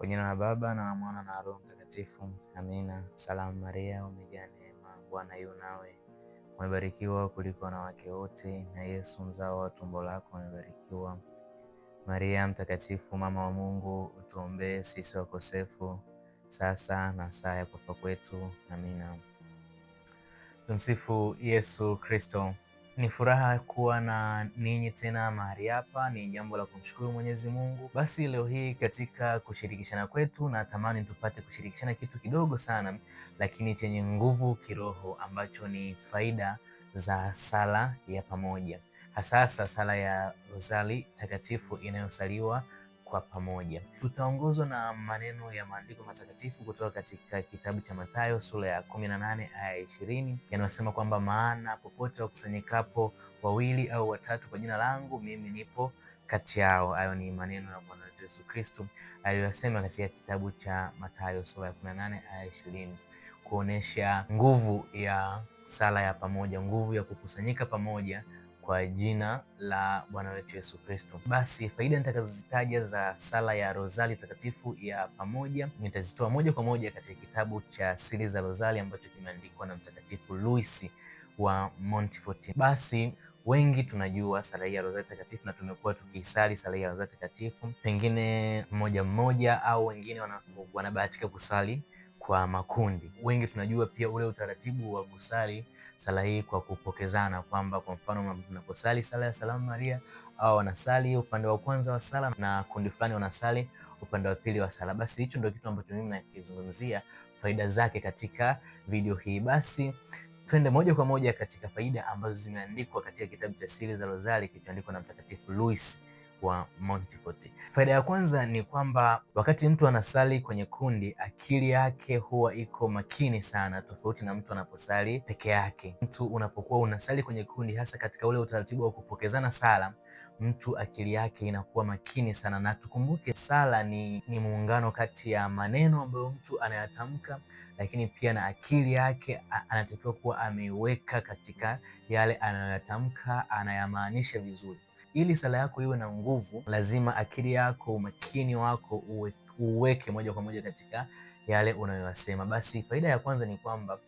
Kwa jina la Baba na Mwana na Roho Mtakatifu, amina. Salamu Maria, umejaa neema, Bwana yu nawe, umebarikiwa kuliko wanawake wote, na Yesu mzao wa tumbo lako umebarikiwa. Maria Mtakatifu, mama wa Mungu, utuombee sisi wakosefu, sasa na saa ya kufa kwetu. Amina. Tumsifu Yesu Kristo. Ni furaha kuwa na ninyi tena mahali hapa, ni jambo la kumshukuru Mwenyezi Mungu. Basi leo hii katika kushirikishana kwetu, na tamani tupate kushirikishana kitu kidogo sana, lakini chenye nguvu kiroho, ambacho ni faida za sala ya pamoja, hasasa sala ya rozari takatifu inayosaliwa kwa pamoja. Tutaongozwa na maneno ya maandiko matakatifu kutoka katika kitabu cha Mathayo sura ya 18 aya 20 yanayosema kwamba maana popote wakusanyikapo wawili au watatu kwa jina langu, mimi nipo kati yao. Hayo ni maneno ya Bwana wetu Yesu Kristo aliyosema katika kitabu cha Mathayo sura ya 18 aya 20, kuonesha nguvu ya sala ya pamoja, nguvu ya kukusanyika pamoja kwa jina la Bwana wetu Yesu Kristo. Basi faida nitakazozitaja za sala ya rosali Takatifu ya pamoja nitazitoa moja kwa moja katika kitabu cha Siri za rosali ambacho kimeandikwa na Mtakatifu Louis wa Montfort. Basi wengi tunajua sala ya rosali Takatifu na tumekuwa tukisali sala ya rozali Takatifu, pengine mmoja mmoja, au wengine wanabahatika kusali kwa makundi. Wengi tunajua pia ule utaratibu wa kusali sala hii kwa kupokezana, kwamba kwa mfano tunaposali sala ya salamu Maria au wanasali upande wa kwanza wa sala na kundi fulani wanasali upande wa pili wa sala. Basi hicho ndio kitu ambacho mimi nakizungumzia faida zake katika video hii. Basi twende moja kwa moja katika faida ambazo zimeandikwa katika kitabu cha Siri za Rozari kilichoandikwa na Mtakatifu Luis kwa Montfort. Faida ya kwanza ni kwamba wakati mtu anasali kwenye kundi, akili yake huwa iko makini sana, tofauti na mtu anaposali peke yake. Mtu unapokuwa unasali kwenye kundi, hasa katika ule utaratibu wa kupokezana sala mtu akili yake inakuwa makini sana, na tukumbuke sala ni, ni muungano kati ya maneno ambayo mtu anayatamka, lakini pia na akili yake anatakiwa kuwa ameiweka katika yale anayoyatamka, anayamaanisha vizuri. Ili sala yako iwe na nguvu, lazima akili yako, umakini wako uwe, uweke moja kwa moja katika yale unayoyasema. Basi faida ya kwanza ni kwamba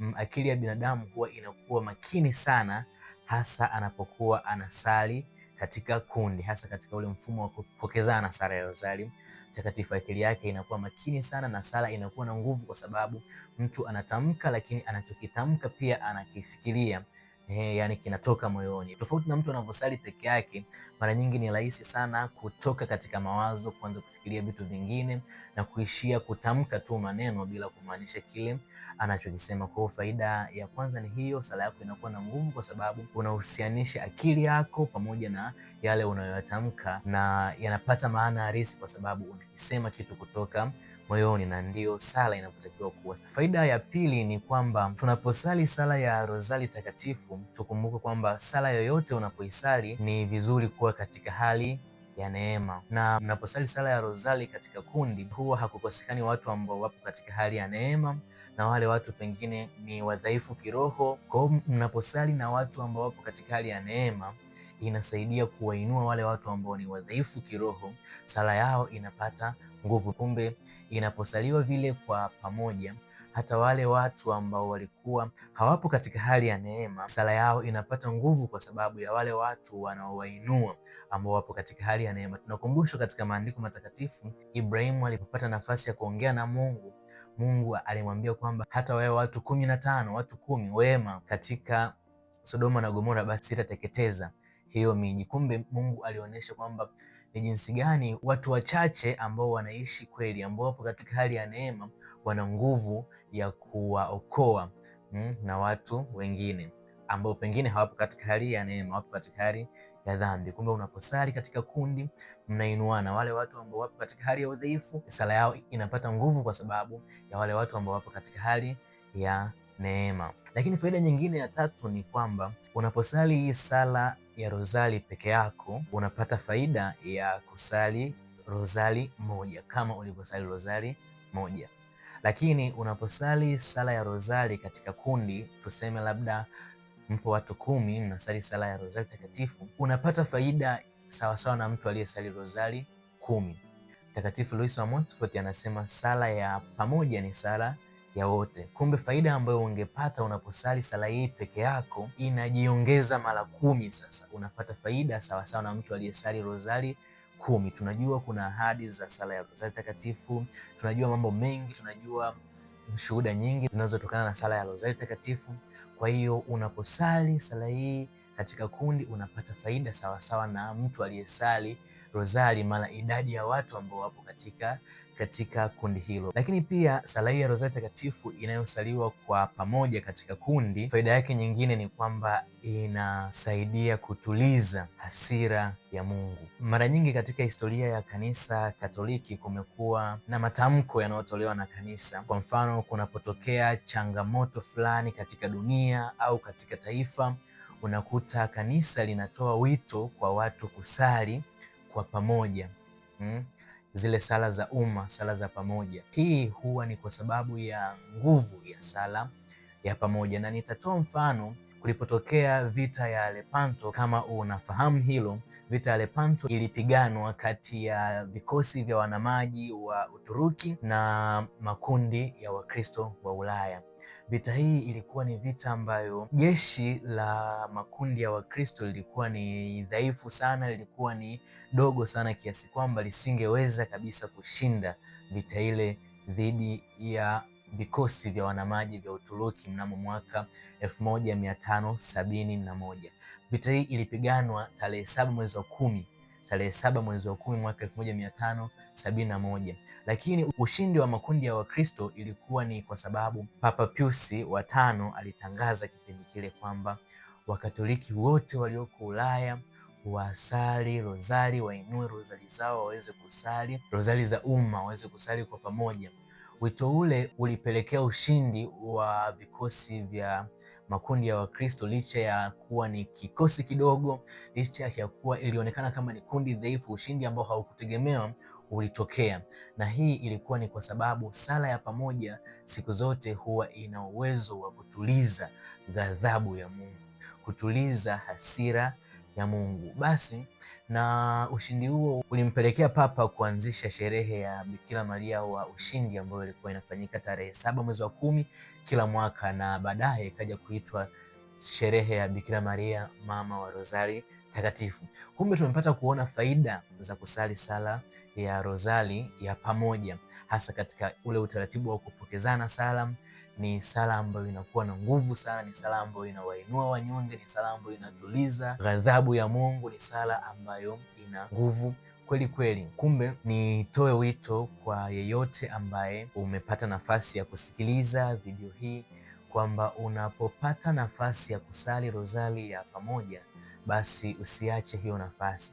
m, mm, akili ya binadamu huwa inakuwa makini sana, hasa anapokuwa anasali katika kundi, hasa katika ule mfumo wa kupokezana sala ya Rozari takatifu Akili yake inakuwa makini sana na sala inakuwa na nguvu, kwa sababu mtu anatamka, lakini anachokitamka pia anakifikiria eh, yani kinatoka moyoni, tofauti na mtu anavyosali peke yake. Mara nyingi ni rahisi sana kutoka katika mawazo, kuanza kufikiria vitu vingine na kuishia kutamka tu maneno bila kumaanisha kile anachokisema. Kwa faida ya kwanza ni hiyo, sala yako inakuwa na nguvu kwa sababu unahusianisha akili yako pamoja na yale unayoyatamka, na yanapata maana halisi kwa sababu unakisema kitu kutoka moyoni na ndiyo sala inapotakiwa kuwa. Faida ya pili ni kwamba tunaposali sala ya Rozari Takatifu tukumbuke kwamba sala yoyote unapoisali ni vizuri kuwa katika hali ya neema, na mnaposali sala ya Rozari katika kundi, huwa hakukosekani watu ambao wapo katika hali ya neema na wale watu pengine ni wadhaifu kiroho. Kwa hiyo mnaposali na watu ambao wapo katika hali ya neema inasaidia kuwainua wale watu ambao ni wadhaifu kiroho, sala yao inapata nguvu. Kumbe inaposaliwa vile kwa pamoja, hata wale watu ambao walikuwa hawapo katika hali ya neema, sala yao inapata nguvu kwa sababu ya wale watu wanaowainua ambao wapo katika hali ya neema. Tunakumbushwa katika maandiko matakatifu, Ibrahimu alipopata nafasi ya kuongea na Mungu, Mungu alimwambia kwamba hata wewe watu kumi na tano, watu kumi wema katika Sodoma na Gomora, basi sitateketeza hiyo miji. Kumbe Mungu alionyesha kwamba ni jinsi gani watu wachache ambao wanaishi kweli, ambao wapo katika hali ya neema, wana nguvu ya kuwaokoa mm, na watu wengine ambao pengine hawapo katika hali ya neema, wapo katika hali ya dhambi. Kumbe unaposali katika kundi, mnainuana. Wale watu ambao wapo katika hali ya udhaifu, sala yao inapata nguvu, kwa sababu ya wale watu ambao wapo katika hali ya neema. Lakini faida nyingine ya tatu ni kwamba unaposali hii sala ya rozali peke yako unapata faida ya kusali rozali moja kama ulivyosali rozali moja. Lakini unaposali sala ya rozali katika kundi, tuseme labda mpo watu kumi mnasali sala ya rozali takatifu, unapata faida sawasawa na mtu aliyesali rozali kumi. Mtakatifu Luis wa Montfort anasema sala ya pamoja ni sala ya wote. Kumbe faida ambayo ungepata unaposali sala hii peke yako inajiongeza mara kumi. Sasa unapata faida sawasawa na mtu aliyesali rozari kumi. Tunajua kuna ahadi za sala ya rozari takatifu, tunajua mambo mengi, tunajua shuhuda nyingi zinazotokana na sala ya rozari takatifu. Kwa hiyo unaposali sala hii katika kundi unapata faida sawasawa na mtu aliyesali rozari mara idadi ya watu ambao wapo katika katika kundi hilo. Lakini pia sala hii ya rozari takatifu inayosaliwa kwa pamoja katika kundi, faida yake nyingine ni kwamba inasaidia kutuliza hasira ya Mungu. Mara nyingi katika historia ya kanisa Katoliki kumekuwa na matamko yanayotolewa na kanisa. Kwa mfano, kunapotokea changamoto fulani katika dunia au katika taifa, unakuta kanisa linatoa wito kwa watu kusali kwa pamoja hmm? Zile sala za umma, sala za pamoja. Hii huwa ni kwa sababu ya nguvu ya sala ya pamoja, na nitatoa mfano kulipotokea vita ya Lepanto. Kama unafahamu hilo, vita ya Lepanto ilipiganwa kati ya vikosi vya wanamaji wa Uturuki na makundi ya Wakristo wa Ulaya Vita hii ilikuwa ni vita ambayo jeshi la makundi ya Wakristo lilikuwa ni dhaifu sana, lilikuwa ni dogo sana kiasi kwamba lisingeweza kabisa kushinda vita ile dhidi ya vikosi vya wanamaji vya Uturuki mnamo mwaka elfu moja mia tano sabini na moja. Vita hii ilipiganwa tarehe saba mwezi wa kumi tarehe saba mwezi wa kumi mwaka mia tano sabini na moja lakini ushindi wa makundi ya Wakristo ilikuwa ni kwa sababu Papa Piusi wa tano alitangaza kipindi kile kwamba Wakatoliki wote walioko Ulaya wasali rozari, wainue rozari zao waweze kusali rozari za umma, waweze kusali kwa pamoja. Wito ule ulipelekea ushindi wa vikosi vya makundi ya Wakristo licha ya kuwa ni kikosi kidogo, licha ya kuwa ilionekana kama ni kundi dhaifu, ushindi ambao haukutegemewa ulitokea, na hii ilikuwa ni kwa sababu sala ya pamoja siku zote huwa ina uwezo wa kutuliza ghadhabu ya Mungu, kutuliza hasira ya Mungu. Basi na ushindi huo ulimpelekea Papa kuanzisha sherehe ya Bikira Maria wa Ushindi ambayo ilikuwa inafanyika tarehe saba mwezi wa kumi kila mwaka, na baadaye ikaja kuitwa sherehe ya Bikira Maria mama wa Rozari Takatifu. Kumbe tumepata kuona faida za kusali sala ya Rozari ya pamoja, hasa katika ule utaratibu wa kupokezana sala ni sala ambayo inakuwa na nguvu sana, ni sala ambayo inawainua wanyonge, ni sala ambayo inatuliza ghadhabu ya Mungu, ni sala ambayo ina nguvu kweli kweli. Kumbe nitoe wito kwa yeyote ambaye umepata nafasi ya kusikiliza video hii kwamba unapopata nafasi ya kusali rozari ya pamoja, basi usiache hiyo nafasi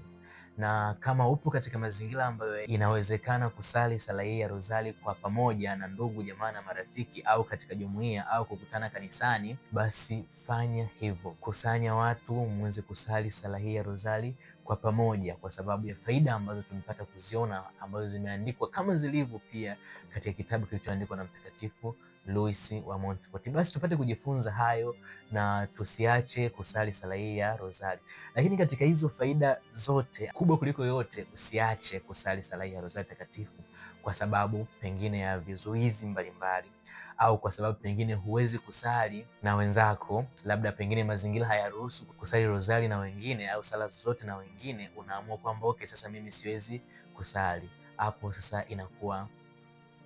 na kama upo katika mazingira ambayo inawezekana kusali sala hii ya Rozari kwa pamoja na ndugu jamaa na marafiki, au katika jumuiya au kukutana kanisani, basi fanya hivyo, kusanya watu mweze kusali sala hii ya Rozari kwa pamoja kwa sababu ya faida ambazo tumepata kuziona ambazo zimeandikwa kama zilivyo pia katika kitabu kilichoandikwa na Mtakatifu Louis wa Montfort. Basi tupate kujifunza hayo na tusiache kusali sala hii ya rosari Lakini katika hizo faida zote kubwa kuliko yote, usiache kusali sala hii ya Rozari takatifu kwa sababu pengine ya vizuizi mbalimbali au kwa sababu pengine huwezi kusali na wenzako, labda pengine mazingira hayaruhusu kusali rozari na wengine au sala zote na wengine, unaamua kwamba okay, sasa mimi siwezi kusali. Hapo sasa inakuwa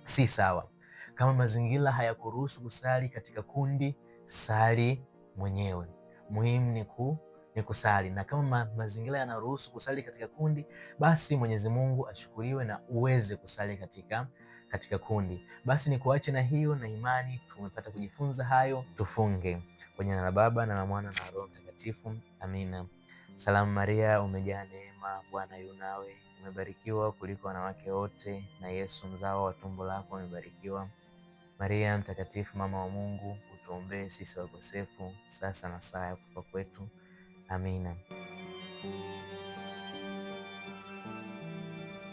si sawa. Kama mazingira hayakuruhusu kusali katika kundi, sali mwenyewe. Muhimu ni ku ni kusali, na kama ma mazingira yanaruhusu kusali katika kundi, basi Mwenyezi Mungu ashukuriwe na uweze kusali katika katika kundi. Basi ni kuache na hiyo na imani tumepata kujifunza hayo. Tufunge. Kwa jina la Baba na la Mwana na Roho Mtakatifu, amina. Salamu Maria, umejaa neema, Bwana yu nawe, umebarikiwa kuliko wanawake wote, na Yesu mzao wa tumbo lako umebarikiwa. Maria mtakatifu, mama wa Mungu, utuombee sisi wakosefu, sasa na saa ya kufa kwetu. Amina.